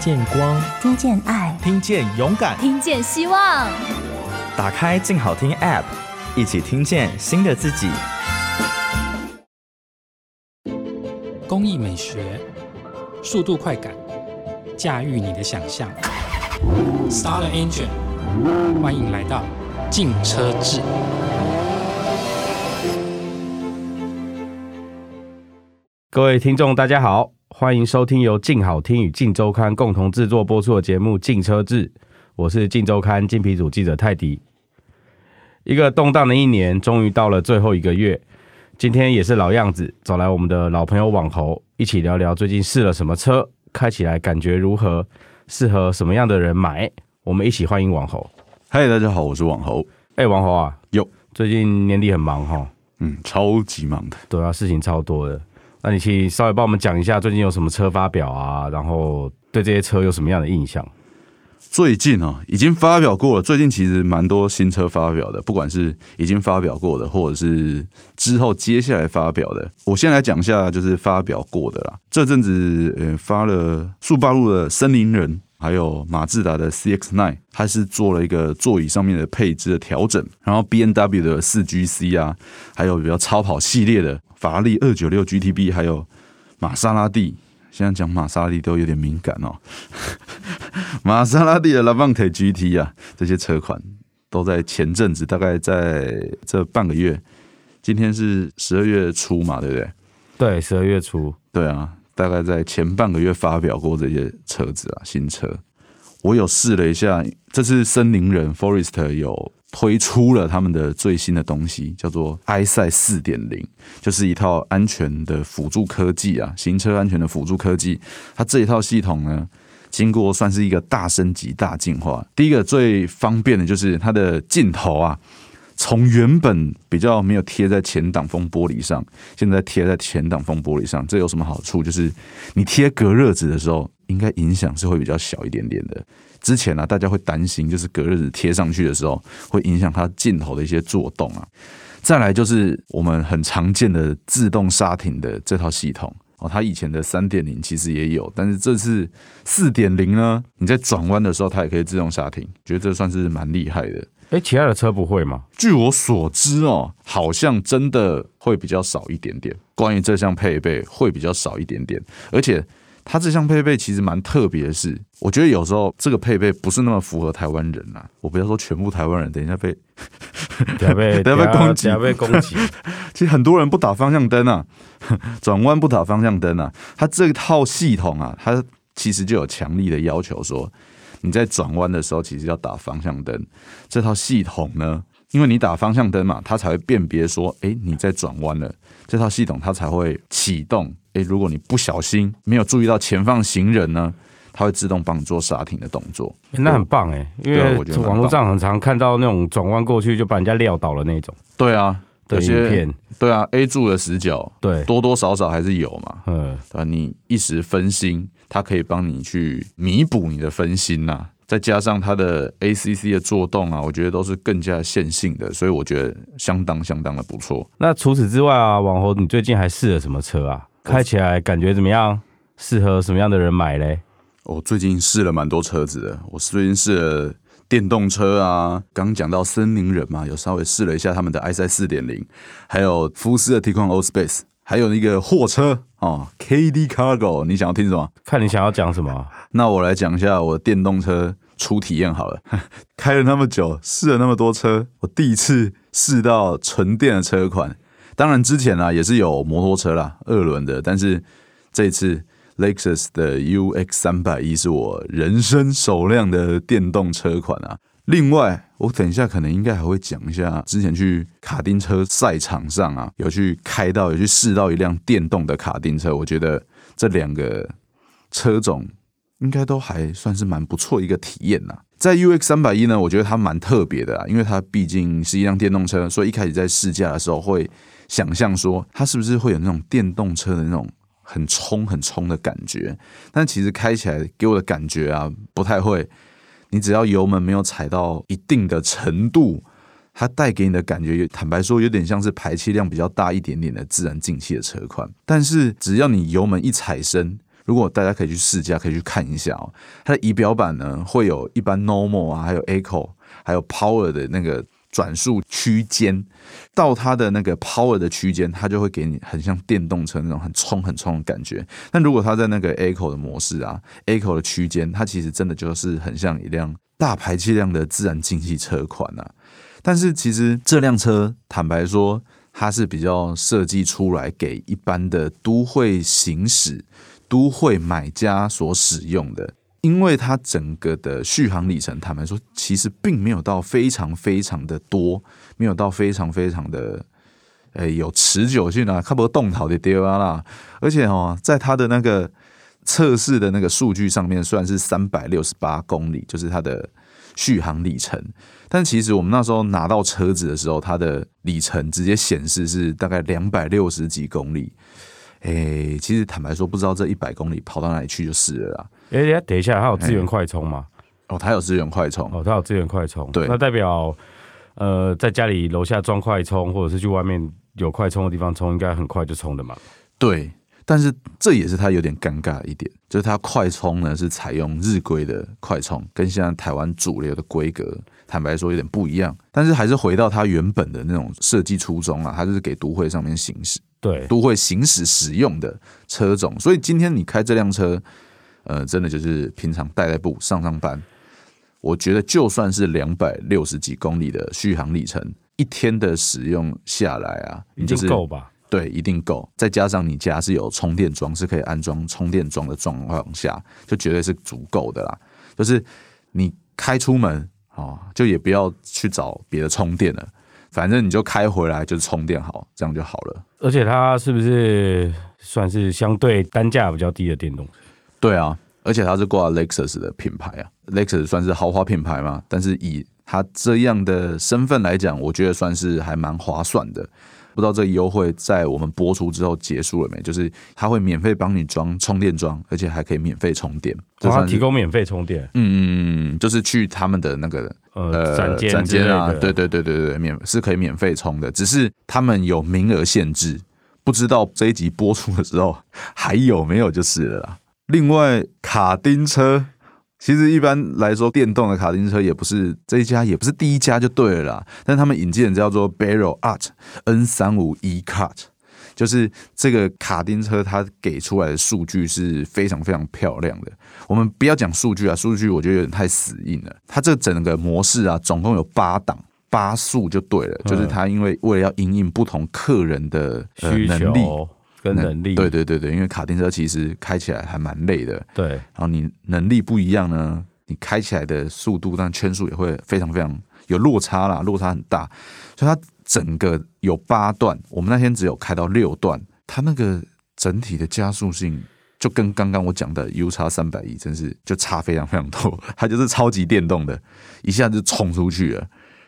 聽見光，聽見愛，聽見勇敢，聽見希望。打開鏡好聽 App，一起聽見新的自己。工藝美學，速度快感，駕馭你的想象。Star Engine，歡迎來到鏡車誌。各位聽眾，大家好。歡迎收聽由靜好聽與靜週刊共同制作播出的節目《靜車誌》，我是靜週刊精皮組記者泰迪。一個動盪的一年終於到了最後一個月，今天也是老樣子，找來我們的老朋友網猴一起聊聊最近試了什麼車，開起來感覺如何，適合什麼樣的人買。我們一起歡迎網猴。嗨、Hey，大家好，我是網猴。哎、欸，網猴啊，喲，最近年底很忙哈、哦，嗯，超級忙的，對啊，事情超多的。那你去稍微幫我們講一下最近有什麼車發表啊？然後對這些車有什麼樣的印象？最近啊，已經發表過了。最近其實蠻多新車發表的，不管是已經發表過的，或者是之後接下來發表的。我先來講一下，就是發表過的啦。這陣子呃、欸，發了速霸陸的森林人，還有馬自達的 CX-9，它是做了一個座椅上面的配置的調整。然後 BMW 的 4GC 啊，還有比較超跑系列的。法拉利二九六 GTB，還有瑪莎拉蒂，現在講瑪莎拉蒂都有點敏感哦、喔。瑪莎拉蒂的 Levante GT 啊，這些車款都在前陣子，大概在這半個月。今天是十二月初嘛，對不對？對，十二月初。對啊，大概在前半個月發表過這些車子啊，新車。我有試了一下，這次森林人 Forester 有推出了他們的最新的東西，叫做 EyeSight 4.0，就是一套安全的輔助科技啊，行車安全的輔助科技。它這一套系統呢，經過算是一個大升級、大進化。第一個最方便的就是它的鏡頭啊，從原本比較沒有貼在前擋風玻璃上，現在貼在前擋風玻璃上。這有什麼好處？就是你貼隔熱紙的時候。應該影響是會比較小一點點的。之前呢、啊，大家會擔心就是隔熱紙貼上去的時候會影響它鏡頭的一些作動啊。再來就是我們很常見的自動剎停的這套系統哦，它以前的三點零其實也有，但是這次四點零呢，你在轉彎的時候它也可以自動剎停，覺得這算是蠻厲害的。誒，其他的車不會嗎？據我所知哦，好像真的會比較少一點點。關於這項配備會比較少一點點，而且。它這項配備其實蠻特別，是我覺得有時候這個配備不是那麼符合台灣人吶、啊。我不要說全部台灣人，等一下被，等下被攻擊，被攻擊。其實很多人不打方向燈啊，轉彎不打方向燈啊。它這套系統啊，它其實就有強力的要求，說你在轉彎的時候其實要打方向燈。這套系統呢，因為你打方向燈嘛，它才會辨別說，哎，你在轉彎了。這套系統它才會啟動。誒，如果你不小心沒有注意到前方行人呢，它會自動幫你做剎停的動作。欸、那很棒哎，因為、啊、我覺得網絡上很常看到那種轉彎過去就把人家撂倒了那種。對啊，的有些影片，對啊，A 柱的死角，對，多多少少還是有嘛。嗯、啊，你一時分心，它可以幫你去彌補你的分心吶、啊。再加上它的 ACC 的作動啊，我覺得都是更加線性的，所以我覺得相當相當的不錯。那除此之外啊，網紅，你最近還試了什麼車啊？開起來感覺怎麼樣？適合什麼樣的人買嘞？我、哦、最近試了蠻多車子的，我最近試了電動車啊，剛講到森林人嘛，有稍微試了一下他們的 S i 四點零，還有福斯的 Tiguan Allspace，還有那個貨車啊、哦、Caddy Cargo。你想要聽什麼？看你想要講什麼、哦，那我來講一下我的電動車初體驗好了呵呵。開了那麼久，試了那麼多車，我第一次試到純電的車款。當然之前呢、啊、也是有摩托車啦，二輪的，但是這次 Lexus 的 U X 三百一是我人生首輛的電動車款啊。另外，我等一下可能應該還會講一下，之前去卡丁車賽場上啊，有去開到有去試到一輛電動的卡丁車，我覺得這兩個車種應該都還算是蠻不錯一個體驗吶、啊。在 U X 三百一呢，我覺得它蠻特別的啊，因為它畢竟是一輛電動車，所以一開始在試駕的時候會。想象說它是不是會有那種電動車的那種很衝很衝的感覺？但其實開起來給我的感覺啊，不太會。你只要油門沒有踩到一定的程度，它帶給你的感覺有，坦白說，有點像是排氣量比較大一點點的自然進氣的車款。但是只要你油門一踩深，如果大家可以去試駕，可以去看一下哦、喔。它的儀表板呢，會有一般 Normal 啊，還有 Eco，還有 Power 的那個。轉速區間到它的那個 power 的區間，它就會給你很像電動車那種很衝很衝的感覺。但如果它在那個 Eco 的模式啊，Eco 的區間，它其實真的就是很像一輛大排氣量的自然進氣車款啊。但是其實這輛車坦白說，它是比較設計出來給一般的都會行駛、都會買家所使用的。因為它整個的續航里程，坦白說其實並沒有到非常非常的多，沒有到非常非常的，誒、欸、有持久性啊，差不多動跑的掉了啦。而且哦，在它的那個測試的那個數據上面，算是三百六十八公里，就是它的續航里程，但其實我們那時候拿到車子的時候，它的里程直接顯示是大概兩百六十幾公里。誒、欸，其實坦白說，不知道這一百公里跑到哪裡去就是了啦。誒、欸，等一下，它有資源快充嗎？欸、哦，它有資源快充。哦，它有資源快充。對，那代表呃，在家裡樓下裝快充，或者是去外面有快充的地方充，應該很快就充的嘛。對，但是這也是它有點尷尬一點，就是它快充呢是採用日規的快充，跟現在台灣主流的規格，坦白說有點不一樣。但是還是回到它原本的那種設計初衷啊，它就是給都會上面行駛。對，都會行駛使用的車種，所以今天你開這輛車，呃，真的就是平常代代步、上上班，我覺得就算是兩百六十幾公里的續航里程，一天的使用下來啊，已經夠吧？對，一定夠。再加上你家是有充電樁，是可以安裝充電樁的狀況下，就絕對是足夠的啦。就是你開出門啊，就也不要去找別的充電了。反正你就開回來就充電好，這樣就好了。而且它是不是算是相對單價比較低的電動？對啊，而且它是掛 Lexus 的品牌啊，Lexus 算是豪華品牌嘛，但是以它這樣的身份來講，我覺得算是還蠻划算的。不知道這個優惠在我們播出之後結束了沒？就是它會免費幫你裝充電樁，而且還可以免費充電。它提供免費充電？嗯嗯嗯，就是去他們的那個。呃，展展間啊，對對對對對，免是可以免費充的，只是他們有名額限制，不知道這一集播出的時候還有沒有就是了啦。另外，卡丁車其實一般來說，電動的卡丁車也不是這一家也不是第一家就對了啦，但他們引進叫做 Barrel Art N 三五 e Cut。就是這個卡丁車，它給出來的數據是非常非常漂亮的。我們不要講數據啊，數據我覺得有點太死硬了。它這整個模式啊，總共有八檔八速就對了。就是它因為爲了要因應不同客人的、呃、能力跟能力，對對對對，因為卡丁車其實開起來還蠻累的。對，然後你能力不一樣呢，你開起來的速度，當然圈數也會非常非常。有落差啦，落差很大，所以它整個有八段，我們那天只有開到六段，它那個整體的加速性就跟剛剛我講的 UX 300e，真是就差非常非常多。它就是超級電動的，一下子就衝出去了，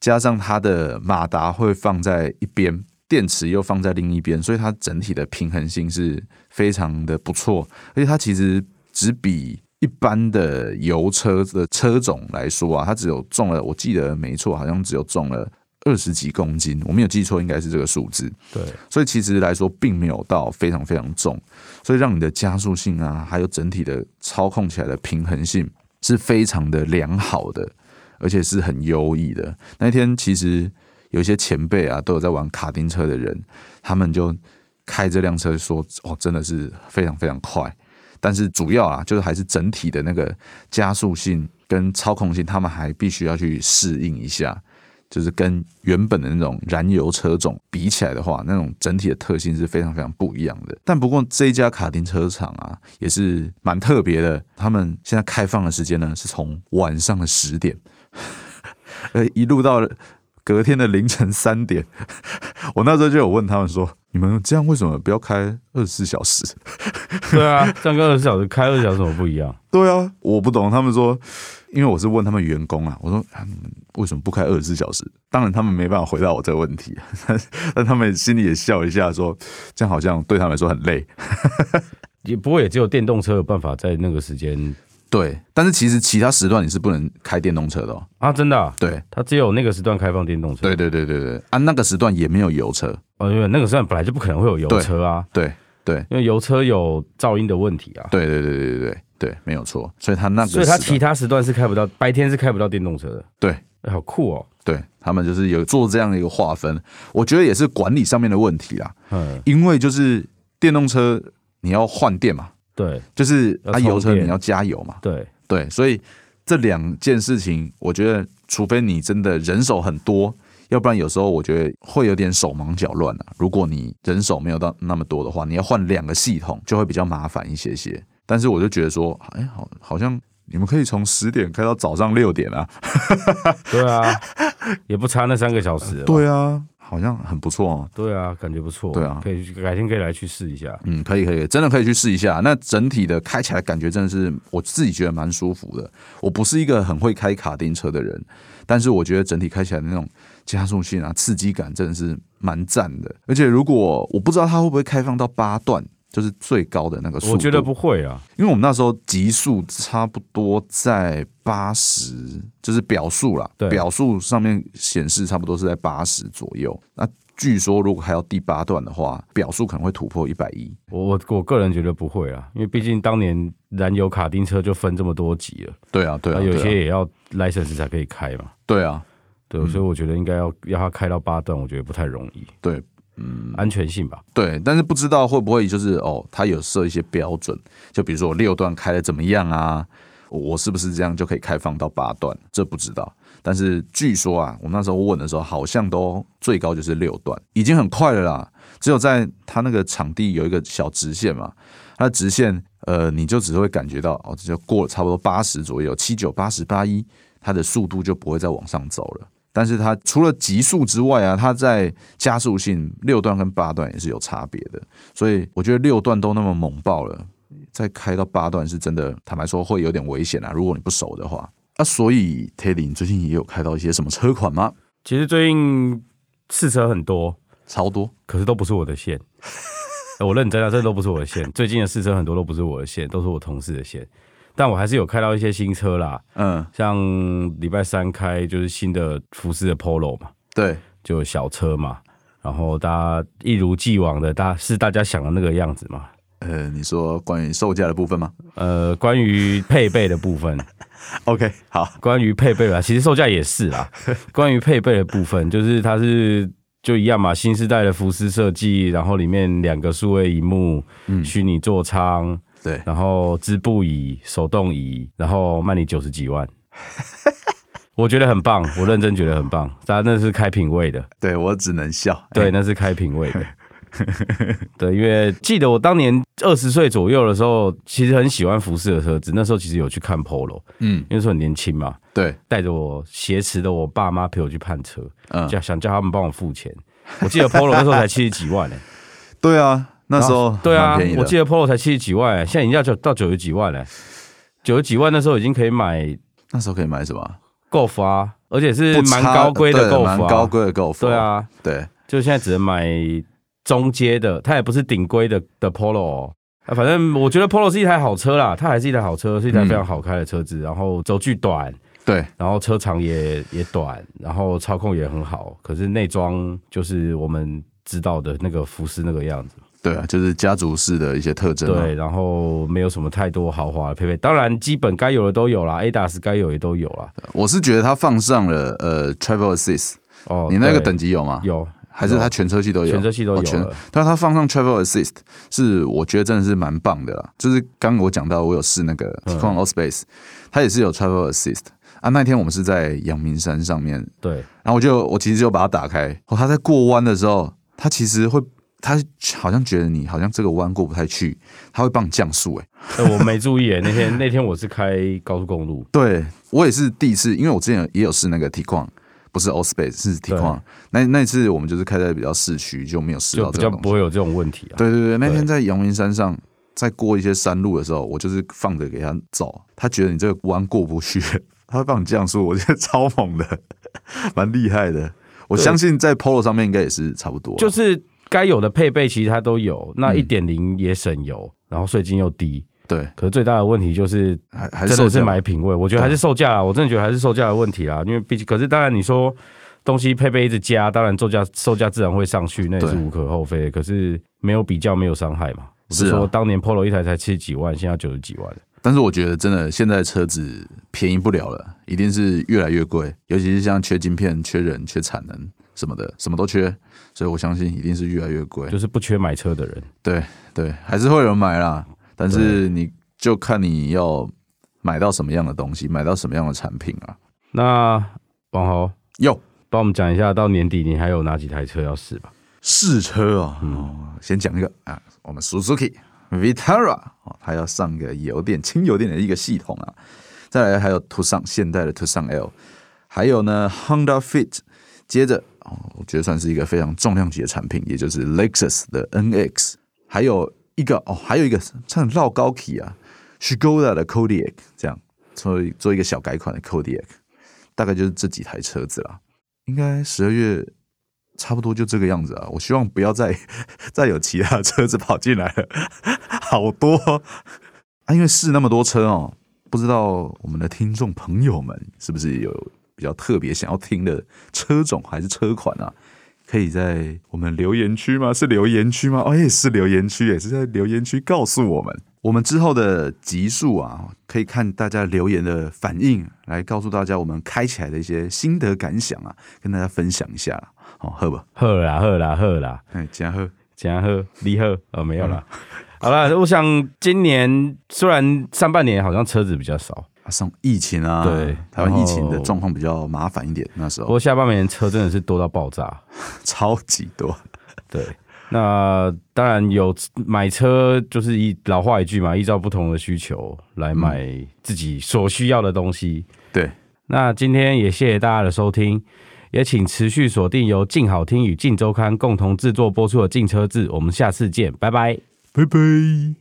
加上它的馬達會放在一邊，電池又放在另一邊，所以它整體的平衡性是非常的不錯，而且它其實只比，一般的油車的車種來說啊，它只有重了，我記得沒錯，好像只有重了二十幾公斤，我沒有記錯，應該是這個數字。對，所以其實來說，並沒有到非常非常重，所以讓你的加速性啊，還有整體的操控起來的平衡性是非常的良好的，而且是很優異的。那天，其實有一些前輩啊，都有在玩卡丁車的人，他們就開這輛車說：“哦，真的是非常非常快。”但是主要啊，就是還是整體的那個加速性跟操控性，他們還必須要去適應一下。就是跟原本的那種燃油車種比起來的話，那種整體的特性是非常非常不一樣的。但不過這一家卡丁車場啊，也是蠻特別的。他們現在開放的時間呢，是從晚上的十點，呃，一路到。隔天的凌晨三點，我那時候就有問他們說：“你們這樣為什麼不要開二十四小時？”對啊，這樣跟二十四小時開二小時怎麼不一樣？對啊，我不懂。他們說，因為我是問他們員工啊，我說：“嗯，為什麼不開二十四小時？”當然，他們沒辦法回答我這個問題，但，但他們心裡也笑一下，說：“這樣好像對他們來說很累。”也不過也只有電動車有辦法在那個時間。對，但是其實其他時段你是不能開電動車的哦啊，真的、啊？對，它只有那個時段開放電動車。對對對對對，啊、啊、那個時段也沒有油車哦，因為那個時段本來就不可能會有油車啊。對對，對，因為油車有噪音的問題啊。對對對對對對，對，沒有錯。所以它那個時段，所以它其他時段是開不到，白天是開不到電動車的。對，哎、好酷哦！對，他們就是有做這樣一個劃分，我覺得也是管理上面的問題啊。嗯，因為就是電動車你要換電嘛。對，就是啊，油車你要加油嘛。對對，所以這兩件事情，我覺得除非你真的人手很多，要不然有時候我覺得會有點手忙腳亂啊。如果你人手沒有到那麼多的話，你要換兩個系統就會比較麻煩一些些。但是我就覺得說，哎、欸，好，好像你們可以從十點開到早上六點啊。對啊， 也不差那三個小時。對啊。好像很不錯哦，對啊，感覺不錯，對啊，可以改天可以來去試一下，嗯，可以可以，真的可以去試一下。那整體的開起來感覺真的是我自己覺得蠻舒服的。我不是一個很會開卡丁車的人，但是我覺得整體開起來的那種加速性啊、刺激感真的是蠻讚的。而且如果我不知道它會不會開放到八段。就是最高的那個速度，我覺得不會啊，因為我們那時候級數差不多在八十，就是表數啦，對，表數上面顯示差不多是在八十左右。那據說如果還要第八段的話，表數可能會突破一百一。我我我個人覺得不會啊，因為畢竟當年燃油卡丁車就分這麼多級了，對啊對啊，有些也要 license 才可以開嘛，對啊，對啊，對，所以我覺得應該要、嗯、要他開到八段，我覺得不太容易，對。嗯，安全性吧。對，但是不知道會不會就是哦，它有設一些標準，就比如說我六段開的怎麼樣啊？我是不是這樣就可以開放到八段？這不知道。但是據說啊，我那時候我問的時候，好像都最高就是六段，已經很快了啦。只有在它那個場地有一個小直線嘛，它直線，呃，你就只會感覺到哦，這就過了差不多八十左右，七九八十八一，它的速度就不會再往上走了。但是它除了極速之外啊，它在加速性六段跟八段也是有差別的，所以我覺得六段都那麼猛爆了，再開到八段是真的，坦白說會有點危險啊。如果你不熟的話，啊，那所以 Terry 你最近也有開到一些什麼車款嗎？其實最近試車很多，超多，可是都不是我的線。 我認真啊，這都不是我的線。最近的試車很多都不是我的線，都是我同事的線。但我還是有開到一些新車啦，嗯，像禮拜三開就是新的福斯的 Polo 嘛，對，就小車嘛，然後大家一如既往的，大家是大家想的那個樣子嘛。呃、欸，你說關於售價的部分嗎？呃，關於配備的部分 ，OK，好，關於配備吧，其實售價也是啦。 關於配備的部分，就是它是就一樣嘛，新世代的福斯設計，然後裡面兩個數位螢幕，嗯，虛擬座艙。對，然後織布椅、手動椅，然後賣你九十幾萬， 我覺得很棒，我認真覺得很棒，大家那是開品味的，對，我只能笑，欸，對，那是開品味的， 對，因為記得我當年二十歲左右的時候，其實很喜歡福斯的車子，那時候其實有去看 Polo，嗯，因為說很年輕嘛，對，帶着我挾持的我爸媽陪我去判車，嗯，叫想叫他們幫我付錢，我記得 Polo 那時候才七十幾萬呢，欸，對啊。那時候對啊，我記得 Polo 才七十幾萬，現在已經要到九到九十幾萬了。九十幾萬那時候已經可以買，那時候可以買什麼？Golf 啊，而且是蠻高規的 Golf 啊，蠻高規的 Golf 啊。對啊，對，就現在只能買中階的，它也不是頂規的的 Polo 哦，啊。反正我覺得 Polo 是一台好車啦，它還是一台好車，是一台非常好開的車子。嗯，然後軸距短，對，然後車長也也短，然後操控也很好。可是內裝就是我們知道的那個福斯那個樣子。對啊，就是家族式的一些特徵、啊。對，然後沒有什麼太多豪華配備，當然基本該有的都有啦 a d a s 該有的都有啦。我是覺得他放上了呃，Travel Assist 哦，你那個等級有嗎？有，還是他全車、嗯、全車系都有？全車系都有。哦，但他放上 Travel Assist 是我覺得真的是蠻棒的，就是剛我講到我有試那個 Tikwang a e o s p a c e 他也是有 Travel Assist 啊。那天我們是在陽明山上面，對，然後我就我其實就把它打開，哦，他在過彎的時候，他其實會。他好像覺得你好像這個彎過不太去，他會幫你降速、欸。哎，我沒注意、欸。 那天那天我是開高速公路對，對我也是第一次，因為我之前也有試那個 Tiguan，不是 Allspace，是 Tiguan。那那次我們就是開在比較市區，就沒有試到這，就比較不會有這種問題。啊。對對對，對對對對，那天在陽明山上，在過一些山路的時候，我就是放着給他走，他覺得你這個彎過不去，他會幫你降速，我覺得超猛的，蠻 厲害的。我相信在 Polo 上面應該也是差不多。就是。該有的配備其實它都有，那一點零也省油，嗯、然後稅金又低，對。可是最大的問題就是，還還是真的是買品位，還還，我覺得還是售價，我真的覺得還是售價的問題啦。因為畢竟，可是當然你說東西配備一直加，當然售價售價自然會上去，那也是無可厚非。可是沒有比較沒有傷害嘛。是、啊、我說我當年 Polo 一台才七十幾萬，現在九十幾萬。但是我覺得真的現在車子便宜不了了，一定是越來越貴，尤其是像缺晶片、缺人、缺產能。什麼的，什麼都缺，所以我相信一定是越來越貴。就是不缺買車的人，對對，還是會有人買啦。但是你就看你要買到什麼樣的東西，買到什麼樣的產品啊。那王侯有幫我們講一下，到年底你還有哪幾台車要試吧？試車啊、哦嗯，先講一個啊，我們 Suzuki Vitara 哦，他要上一個油電、輕油電的一個系統啊。再來還有 Tucson 現代的 Tucson L，還有呢 Honda Fit，接着。我覺得算是一個非常重量級的產品，也就是 Lexus 的 NX，還有一個哦，還有一個像繞高崎啊，Skoda 的 Kodiaq 這樣，做做一個小改款的 Kodiaq 大概就是這幾台車子了。應該十二月差不多就這個樣子啊。我希望不要再再有其他車子跑進來了，好多啊，因為試那麼多車哦，不知道我們的聽眾朋友們是不是有。比較特別想要聽的車種還是車款啊？可以在我們留言區嗎？是留言區嗎？哦也、欸、是留言區也是在留言區告訴我們，我們之後的集數啊，可以看大家留言的反應，來告訴大家我們開起來的一些心得感想啊，跟大家分享一下。好喝不？喝啦喝啦喝啦！哎，嘉喝嘉喝你喝哦，沒有啦。 好了，我想今年雖然上半年好像車子比較少。啊，上疫情啊，對，台灣疫情的狀況比較麻煩一點。那時候，不過下半年車真的是多到爆炸， 超級多。對，那當然有買車，就是依老話一句嘛，依照不同的需求來買自己所需要的東西。嗯、對，那今天也謝謝大家的收聽，也請持續鎖定由鏡好聽與鏡週刊共同制作播出的《鏡車誌》，我們下次見，拜拜，拜拜。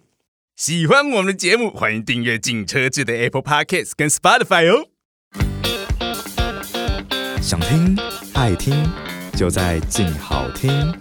喜歡我們的節目，歡迎訂閱靜車志的 Apple Podcasts 跟 Spotify 哦！想聽、愛聽，就在靜好聽。